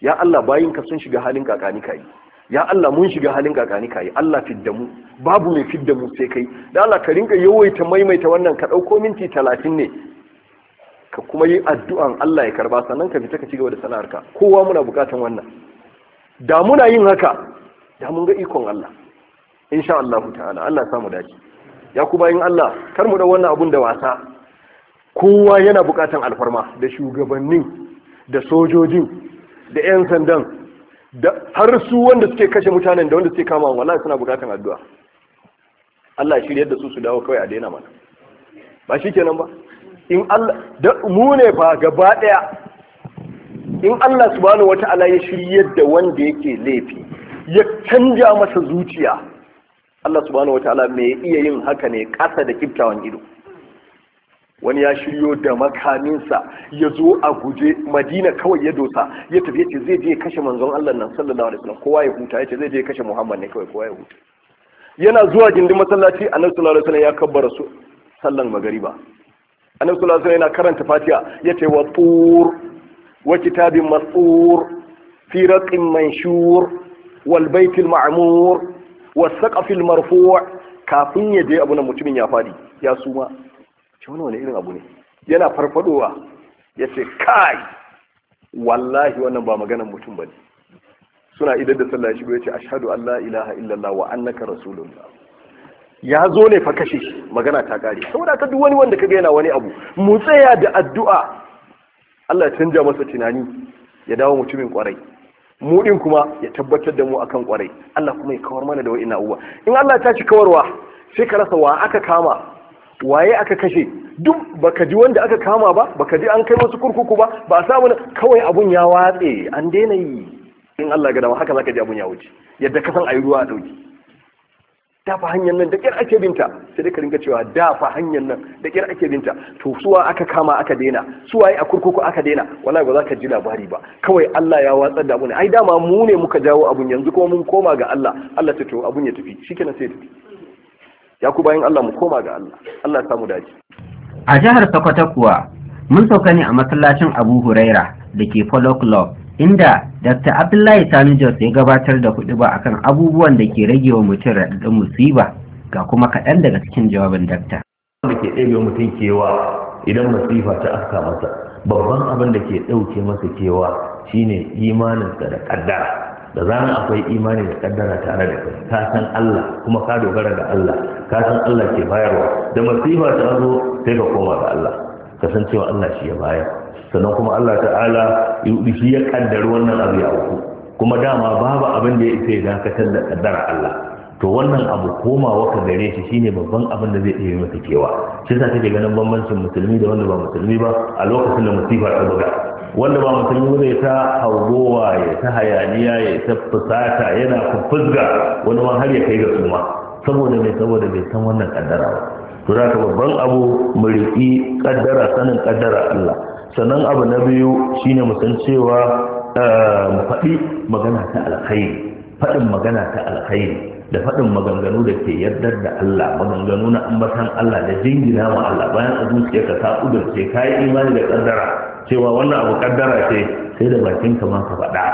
ya Allah bayinka sun shiga halin kakani yi. ya Allah mun shiga halin kakani kai Allah fidda mu babu mai fidda mu sai kai da Allah ka rinka yawaita maimaita wannan ka dauko minti 30 ne ka kuma yi addu'an Allah ya karba sannan ka fita ka cigaba da sana'arka kowa muna bukatan wannan da muna yin haka da mun ga ikon Allah insha Allah ta'ala Allah samu dace ya kuma yin Allah kar mu da wannan abun da wasa kowa yana bukatan alfarma da shugabannin da sojojin da 'yan sandan da har su wanda suke kashe mutanen da wanda suke kama wa, Allah suna bukatan addu'a Allah ya yadda su su dawo kawai a daina mana ba shi kenan ba in Allah da mu ne fa gaba daya in Allah subhanahu wata'ala ya shiryar da wanda yake laifi ya canja masa zuciya Allah subhanahu wata'ala mai iya yin haka ne kasa da kiftawan ido wani ya shiryo da makaminsa ya zo a guje madina kawai ya dosa ya tafi ya ce zai je kashe manzon Allah nan sallallahu alaihi wasallam kowa ya huta ya ce zai je kashe Muhammad ne kawai kowa ya huta yana zuwa gindin masallaci annabi sallallahu alaihi wasallam ya kabbara su sallan magariba annabi sallallahu alaihi wasallam yana karanta Fatiha ya ce wa tur wa kitabin masur fi raqin manshur wal baitil ma'mur was saqfil marfu' kafin ya je abu mutumin ya fadi ya suma ce wani wani irin abu ne yana farfadowa ya ce kai wallahi wannan ba maganan mutum ba ne suna idan da sallah shigo ya ce ashadu allah ilaha illallah wa annaka rasulullah ya zo ne fa kashe magana ta kare saboda ka duk wani wanda kaga yana wani abu mu tsaya da addu'a Allah ya canja masa tunani ya dawo mutumin kwarai mu din kuma ya tabbatar da mu akan kwarai Allah kuma ya kawar mana da wa'ina uwa in Allah ta ci kawarwa sai ka rasa wa aka kama waye aka kashe duk baka ji wanda aka kama ba baka ji an kai wasu kurkuku ba ba a wani kawai abun ya watse an daina yi in Allah ga dama haka zaka ji abun ya wuce yadda ka san ayi ruwa a dauki da fa hanyar nan da kyar ake binta sai dai ka rinka cewa da fa hanyar nan da kyar ake binta to suwa aka kama aka daina yi a kurkuku aka daina wallahi ba za ka ji labari ba kawai Allah ya watsar da mu ne ai dama mu ne muka jawo abun yanzu kuma mun koma ga Allah Allah ta to abun ya tafi shikenan sai tafi ya ku bayan Allah mu koma ga Allah Allah ya samu dace a jihar Sokoto kuwa mun sauka ne a masallacin Abu Huraira da ke Polo Club inda Dr. Abdullahi Sani Jos ya gabatar da kuɗi ba akan abubuwan da ke rage wa mutum raɗaɗin musiba ga kuma kaɗan daga cikin jawabin dakta. da ke ɗaya mutum kewa idan masifa ta afka masa babban abin da ke ɗauke masa kewa shine imaninsa da ƙaddara da zaran akwai imani da kaddara tare da kai ka san Allah kuma ka dogara ga Allah ka san Allah ke bayarwa da masifa ta zo sai ka koma ga Allah Ka san cewa Allah shi ya bayar sannan kuma Allah ta'ala shi ya kaddara wannan abu ya uku kuma dama babu abin da ya isa ya dakatar da kaddara Allah to wannan abu komawa ka gare shi shine babban abin da zai iya maka kewa shi sa kake ganin bambancin musulmi da wanda ba musulmi ba a lokacin da musifa ta buga wanda ba musulmi zai ta haugowa ya ta hayaniya ya ta fusata yana fufuzga wani ma har ya kai ga suma saboda mai saboda bai san wannan kaddara ba to za ka babban abu mu riƙi kaddara sanin kaddara Allah sannan abu na biyu shine mu san cewa eh, mu faɗi magana ta alkhairi faɗin magana ta alkhairi da faɗin maganganu da ke yardar da Allah maganganu na ambatan Allah da jingina ma Allah bayan a zuciya ka ta kudurce ka yi imani da kaddara cewa wannan abu kaddara ce sai da bakin ka ma ka faɗa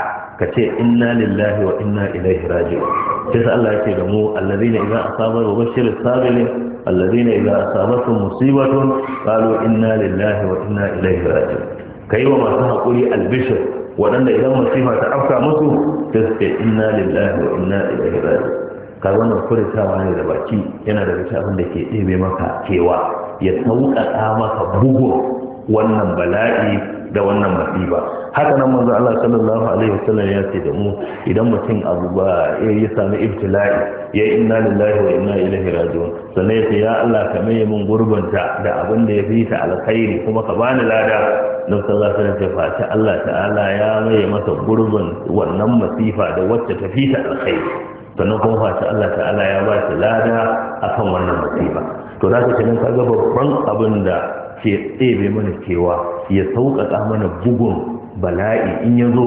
ka ce inna lillahi wa inna ilaihi raji'un sai Allah yake da mu allazina idza Asabar wa bashirus sabirin allazina idza asabatuhum musibatun qalu inna lillahi wa inna ilaihi raji'un kai wa masu hakuri albishir waɗanda idan masifa ta afka musu sai su ce inna lillahi wa inna ilaihi raji'un ka wannan furtawa ne da baki yana da cikin abin da ke ɗebe maka kewa ya sauƙaƙa maka bugun wannan bala'i da wannan masifa haka nan manzo Allah sallallahu alaihi wasallam ya ce da mu idan mutum abu ba eh, ya sami ibtila'i ya inna lillahi wa inna ilaihi raji'un sannan ya ce ya Allah ka maye min gurbanta da abin da ya fi ta alkhairi kuma ka bani lada na sallallahu alaihi wasallam fa ta Allah ta'ala ya maye masa gurbin wannan masifa da wacce ta fi ta alkhairi sannan kuma fa Allah ta'ala ya ba shi lada akan wannan masifa to za ka kenan kaga babban abin da ke tsebe mana cewa ya sauƙaƙa mana bugun bala'i in ya zo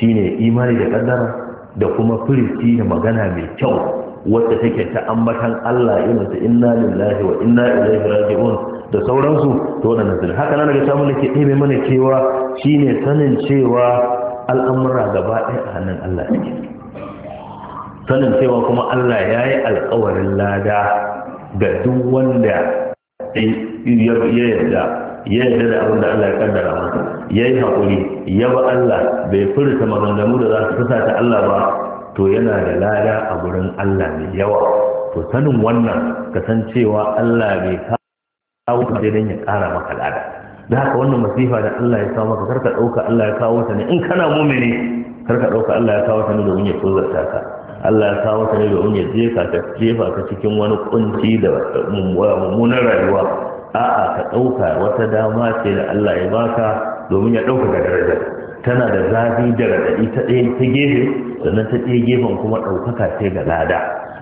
shi ne imani da ƙaddara da kuma firisti da magana mai kyau wadda take ta ambatan Allah irin ta inna lillahi wa inna ilaihi raji'un da sauransu to wannan nazari haka nan daga samun da ke ɗebe mana cewa shine sanin cewa al'amura gaba ɗaya a hannun Allah ne sanin cewa kuma Allah ya yi alƙawarin lada ga duk wanda ya yarda ya yarda da abin da Allah ya kaddara masa ya yi haƙuri ya ba Allah bai furta maganganu da za su fusa ta Allah ba to yana da lada a gurin Allah mai yawa to sanin wannan kasancewa Allah bai kawo ka sai ya ƙara maka lada da haka wannan masifa da Allah ya kawo maka karka ɗauka Allah ya kawo ta ne in kana mumini karka ɗauka Allah ya kawo ta ne domin ya tozarta ka Allah ya kawo ka ne domin ya jefa ka jefa cikin wani kunci da mummunan rayuwa a'a ka ɗauka wata dama ce da Allah ya baka domin ya ɗauka ga daraja tana da zafi da raɗaɗi ta ɗaya ta gefe sannan ta ɗaya gefen kuma ɗaukaka ce ga lada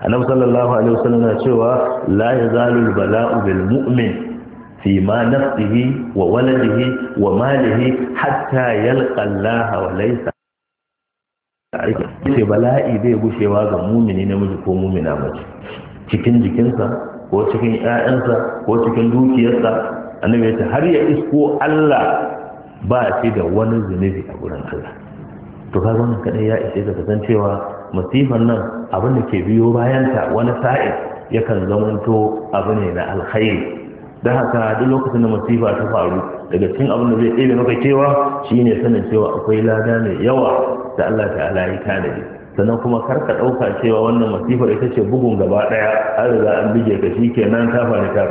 annabi sallallahu alaihi wasallam na cewa la yazalu bala'u bil mu'min fi ma nafsihi wa waladihi wa malihi hatta yalqa Allah wa laysa ce bala'i zai gushewa ga mumini namiji ko mumina mace cikin jikinsa ko cikin 'ya'yansa ko cikin dukiyarsa annabi ya ce har ya isko Allah ba shi da wani zunubi a gurin Allah to ka wannan kadai ya ishe ka san cewa masifan nan abin da ke biyo bayanta wani sa'in yakan zamanto abu ne na alkhairi da haka duk lokacin da masifa ta faru daga cikin abin da zai ɗebe maka cewa shine sanin cewa akwai lada mai yawa da Allah ta'ala ya tanadi sannan kuma kar ka ɗauka cewa wannan masifa ita ce bugun gaba ɗaya an riga an bige ka shi kenan ta faru ta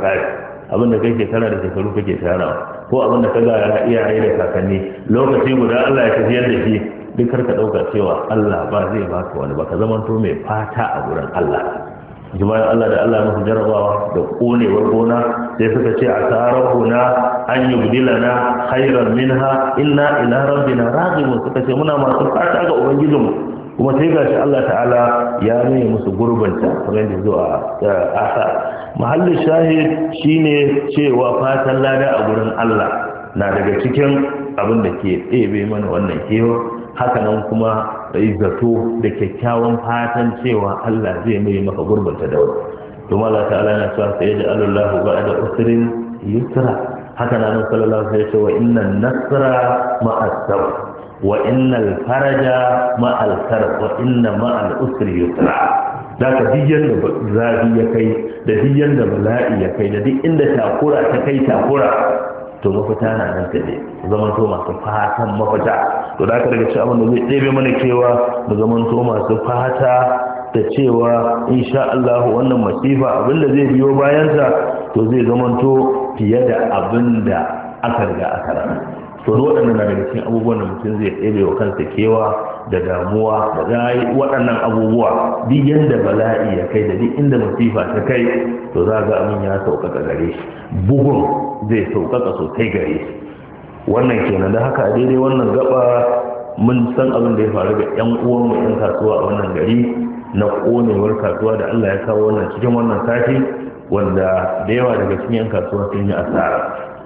abin abinda kai shekara da shekaru kake tarawa ko abinda ka ga iyaye da kakanni lokaci guda Allah ya tafiyar da shi duk kar ka ɗauka cewa Allah ba zai baka wani ba ka zamanto mai fata a wurin Allah jima'in Allah da Allah musu jarabawa da konewar gona sai suka ce a tarahuna an yubdilana hairar minha inna ila rabbina raghibun suka ce muna masu fata ga ubangijinmu kuma sai gashi Allah ta'ala ya nuna musu gurbanta kamar da zo asa mahallin shahid shine cewa fatan lada a gurin Allah na daga cikin abin da ke ɗebe mana wannan kewa haka nan kuma yi zato da kyakkyawan fatan cewa Allah zai mai maka gurbata da wani kuma Allah ta'ala yana cewa sai da Allah ba da usrin yusra haka na nan sallallahu alaihi wasallam wa innan nasra ma'as sabr wa innal faraja ma'al sarf wa inna ma'al usri yusra da ka diyan da zafi ya kai da diyan da bala'i ya kai da duk inda takura ta kai takura to mafita na nan ta ne zaman to masu fatan mafita to da aka daga ci abin da zai ɗebe mana kewa da zaman to masu fata da cewa insha Allah wannan masifa abin da zai biyo bayansa to zai zamanto fiye da abin da aka riga aka rana to waɗannan na daga cikin abubuwan da mutum zai ɗebe wa kansa kewa da damuwa da zai waɗannan abubuwa duk yadda bala'i ya kai da duk inda masifa ta kai to za ga abin ya sauƙaƙa gare shi bugun zai sauƙaƙa sosai gare shi wannan kenan da haka a daidai wannan gaba mun san abin da ya faru ga yan uwan mu yan kasuwa a wannan gari na konewar kasuwa da Allah ya kawo wannan cikin wannan sati wanda da yawa daga cikin yan kasuwa sun yi asara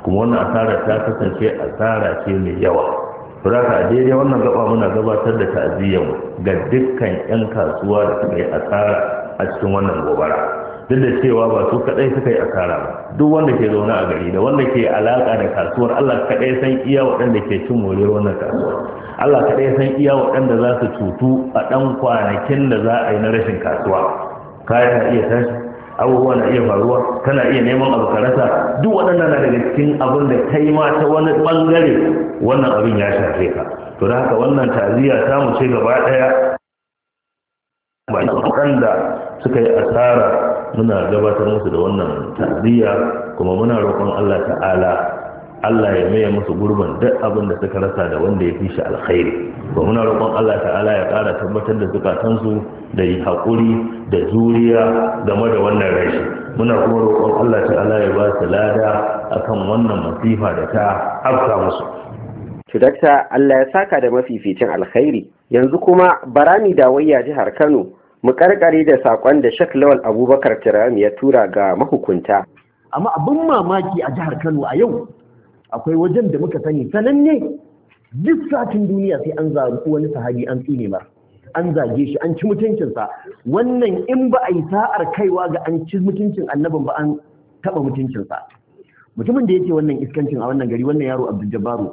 kuma wannan asara ta kasance asara ce mai yawa Raka a daidai wannan gaba muna gabatar da ta'aziyyar ga dukkan 'yan kasuwa da suka yi asara a cikin wannan gobara. duk da cewa ba su kadai suka yi asara ba duk wanda ke zaune a gari da wanda ke alaka da kasuwar Allah kadai san iya waɗanda ke cin moriyar wannan kasuwar Allah kadai san iya waɗanda za su cutu a ɗan kwanakin da za a yi na rashin kasuwa kaya na iya tashi abubuwa na iya faruwa kana iya neman abu ka rasa duk waɗannan na daga cikin abin da kai ma ta wani bangare wannan abin ya shafe ka to da haka wannan taziya ta mu ce gaba ɗaya ba waɗanda suka yi asara muna gabatar musu da wannan ta'ziya kuma muna roƙon Allah ta'ala Allah ya maye musu gurbin duk abin da suka rasa da wanda ya fi shi alkhairi ba muna roƙon Allah ta'ala ya ƙara tabbatar da zukatansu da yi haƙuri da zuriya game da wannan rashi muna kuma roƙon Allah ta'ala ya ba su lada akan wannan masifa da ta afka musu to dakta Allah ya saka da mafificin alkhairi yanzu kuma barani wayya jihar Kano mu karkare da sakon da Sheikh Lawal Abubakar Tirami ya tura ga mahukunta amma abin mamaki a jihar Kano a yau akwai wajen da muka sani sananne duk satin duniya sai an zaɓi wani sahabi an tsine mar an zage shi an ci mutuncinsa wannan in ba a yi sa'ar kaiwa ga an ci mutuncin annabin ba an taɓa mutuncinsa mutumin da yake wannan iskancin a wannan gari wannan yaro abdul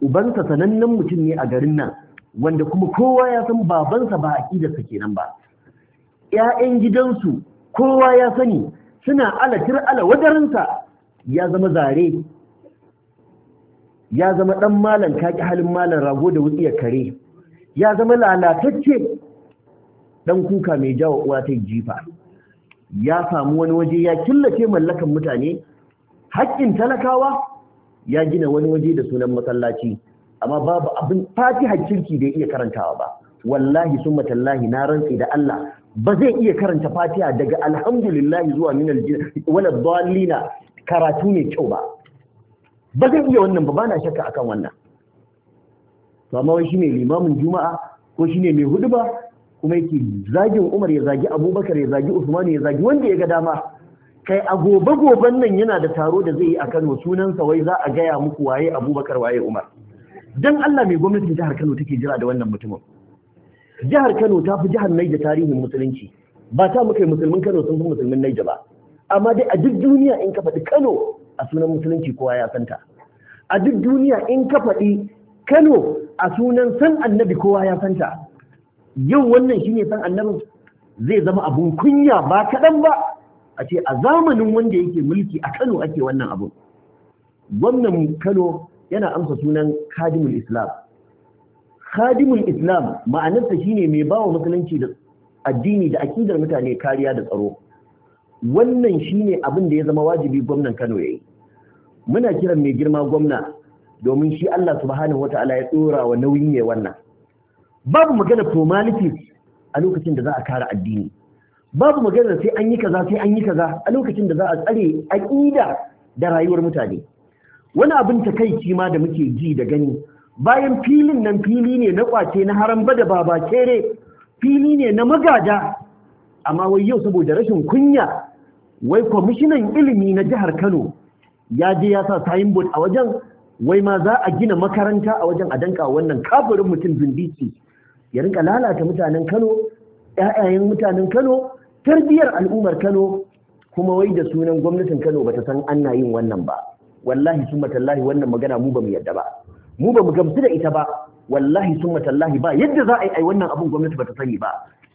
ubansa sanannen mutum ne a garin nan wanda kuma kowa ya san babansa ba aƙidarsa kenan ba ‘ya'yan gidansu kowa ya sani suna alatir ala wadarinsa ya zama zare ya zama ɗan malan kaƙi halin malan rago da ya kare ya zama lalatacce ɗan kuka mai jawo uwa ta jifa ya samu wani waje ya killace mallakan mutane haƙƙin talakawa ya gina wani waje da sunan masallaci amma babu abin fati kirki da iya karantawa ba wallahi sun matallahi na rantsi da Allah ba zai iya karanta fatiha daga alhamdulillah zuwa min wala dallina karatu ne kyau ba ba zai iya wannan ba bana shakka akan wannan to amma wai shine limamin juma'a ko shine mai huduba kuma yake zagin Umar ya zagi Abubakar ya zagi Usman ya zagi wanda ya ga dama kai a gobe goben nan yana da taro da zai yi a Kano sunansa wai za a gaya muku waye Abubakar waye Umar dan Allah mai gwamnatin jihar Kano take jira da wannan mutumin jihar Kano ta fi jihar Naija tarihin musulunci ba ta muka musulmin Kano sun fi musulmin Naija ba amma dai a duk duniya in ka faɗi Kano a sunan musulunci kowa ya santa a duk duniya in ka faɗi Kano a sunan san annabi kowa ya santa yau wannan shine san annabin zai zama abun kunya ba kaɗan ba a ce a zamanin wanda yake mulki a Kano ake wannan abun gwamnan Kano yana amsa sunan kadimul Islam khadimul islam ma'anarsa shine mai bawa musulunci da addini da akidar mutane kariya da tsaro wannan shine abin da ya zama wajibi gwamnan Kano yayi muna kiran mai girma gwamna domin shi Allah subhanahu wataala ya tsora wa nauyin ne wannan babu magana formalities a lokacin da za a kare addini babu magana sai an yi kaza sai an yi kaza a lokacin da za a tsare aqida da rayuwar mutane wani abin takaici ma da muke ji da gani bayan filin nan fili ne na kwace na haram da baba kere fili ne na magada amma wai yau saboda rashin kunya wai kwamishinan ilimi na jihar Kano ya je ya sa signboard a wajen wai ma za a gina makaranta a wajen a danka wannan kafirin mutum zindiki ya rinka lalata mutanen Kano ƴaƴayen mutanen Kano tarbiyar al'ummar Kano kuma wai da sunan gwamnatin Kano bata san ana yin wannan ba wallahi sun matallahi wannan magana mu ba mu yadda ba mu ba mu gamsu da ita ba wallahi sun matallahi ba yadda za a yi wannan abin gwamnati ba ta sani ba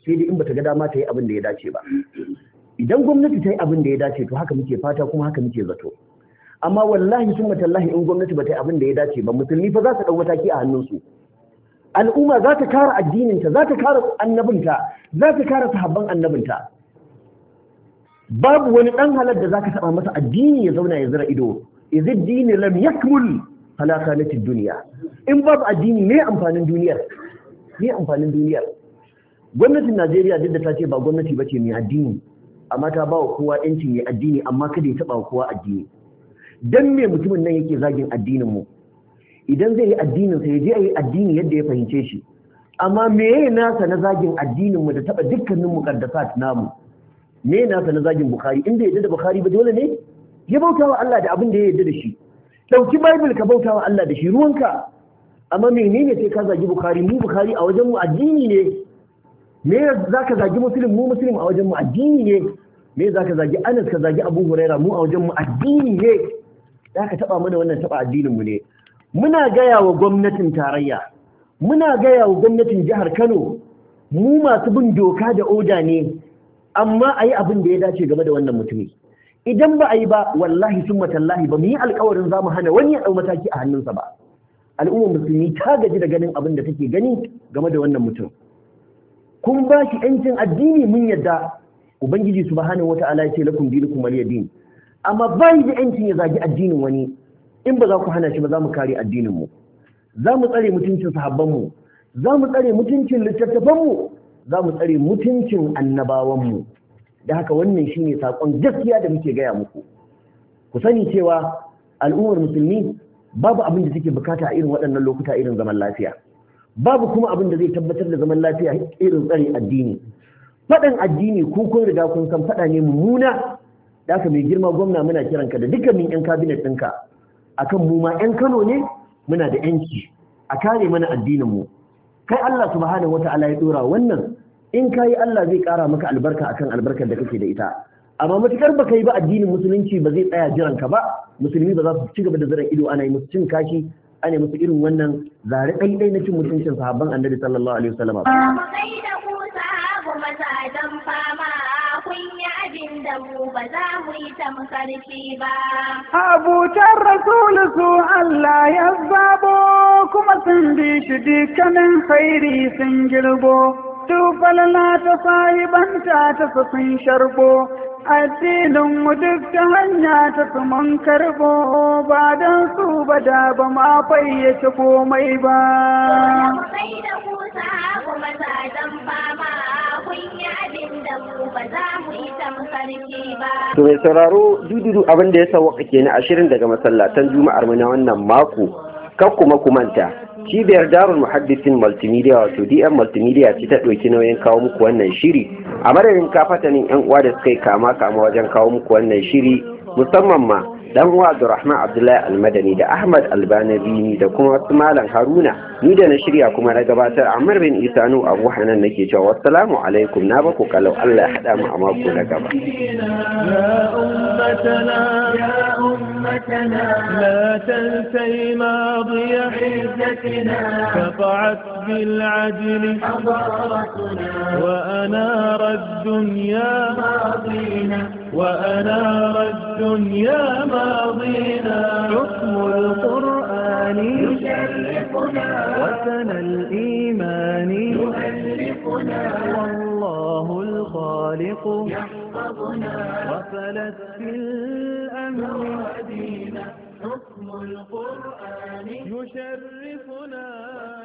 sai dai in ba ta ga dama ta yi abin da ya dace ba idan gwamnati ta yi abin da ya dace to haka muke fata kuma haka muke zato amma wallahi sun matallahi in gwamnati ba ta yi abin da ya dace ba musulmi fa za su ɗau mataki a hannunsu al'umma za ta kara addininta za ta kara annabinta za ta kara sahabban annabinta babu wani ɗan halar da za ka taɓa masa addini ya zauna ya zira ido izi dini lam yakmul falakalatid duniya in babu addini me amfanin duniyar me amfanin duniyar gwamnatin Najeriya duk da ta ce ba gwamnati ce mai addini amma ta ba wa kowa yancin mai addini amma kada ya taba kowa addini dan me mutumin nan yake zagin addinin mu idan zai yi addinin sa ya je yi addini yadda ya fahimce shi amma me yayi nasa na zagin addinin mu da taba dukkanin muqaddasat namu me yayi nasa na zagin bukhari Inda ya yadda da bukhari ba dole ne ya bauta wa Allah da abin da ya yadda da shi dauki bible ka bauta wa Allah da shi ruwanka amma menene sai ka zagi bukhari mu bukhari a wajen mu addini ne me zaka zagi muslim mu muslim a wajen mu addini ne me zaka zagi anas ka zagi abu huraira mu a wajen mu addini ne zaka taba mana wannan taba addinin mu ne muna gaya wa gwamnatin tarayya muna gaya wa gwamnatin jihar Kano mu masu bin doka da oda ne amma a yi abin da ya dace game da wannan mutumi idan ba a yi ba wallahi sun matallahi ba mu yi alkawarin za mu hana wani ya ɗau mataki a hannunsa ba al'ummar musulmi ta gaji da ganin abin da take gani game da wannan mutum kun ba shi ‘yancin addini mun yadda ubangiji subhanahu wata wata ya ce lakum kuma liya din amma ba yi da ‘yancin ya zagi addinin wani in ba za ku hana shi ba za mu kare addininmu, za mu tsare mutuncin sahabban za mu tsare mutuncin littattafanmu, za mu tsare mutuncin annabawanmu. mu da haka wannan shi ne saƙon gaskiya da muke gaya muku ku sani cewa al'ummar musulmi babu abin da suke bukata a irin waɗannan lokuta irin zaman lafiya babu kuma abin da zai tabbatar da zaman lafiya irin tsarin addini faɗan addini ko kun riga kun san faɗa ne mummuna da aka mai girma gwamna muna kiran ka. da duka min yan kabinet ɗinka akan mu ma yan Kano ne muna da yanci a kare mana addinin mu kai Allah subhanahu wata'ala ya dora wannan in ka yi Allah zai ƙara maka albarka akan albarkar da kake da ita amma matukar ba ka yi ba addinin musulunci ba zai tsaya jiran ka ba musulmi ba za su ci gaba da zaren ido ana yi musu cin kashi ana yi musu irin wannan zare ɗaiɗai na cin mutuncin sahabban annabi sallallahu alaihi wasallam ba Abutar Rasulu su Allah ya zabo kuma sun bi shi dukkanin khairi sun girbo. falala ta sahibanta ta su sun sharbo addinin mu duk ta hanya ta su mun karbo ba don su ba da ba ma fayyace komai ba To mai sauraro dududu abin da ya sa waka kenan ashirin daga masallatan juma'ar mu na wannan mako kan kuma kumanta cibiyar darul muhaddisin multimedia wato dm multimedia ce ta ɗauki nauyin kawo muku wannan shiri a madadin kafatanin yan uwa da suka yi kama kama wajen kawo muku wannan shiri musamman ma dan uwa rahman Abdullahi Almadani da Ahmad albanabini da kuma wasu malam Haruna ni da na shirya kuma na gabatar Amr bin Isanu Abu Hanan nake cewa wassalamu alaikum na baku kalau Allah ya hada mu a mako na gaba لا تنسي ماضي عزتنا شفعت بالعدل وأنار الدنيا ماضينا وأنار الدنيا ماضينا ماضينا حكم القرآن يشرفنا وثنى الإيمان يؤلفنا والله الخالق يحفظنا وفلت في الأمر حكم القرآن يشرفنا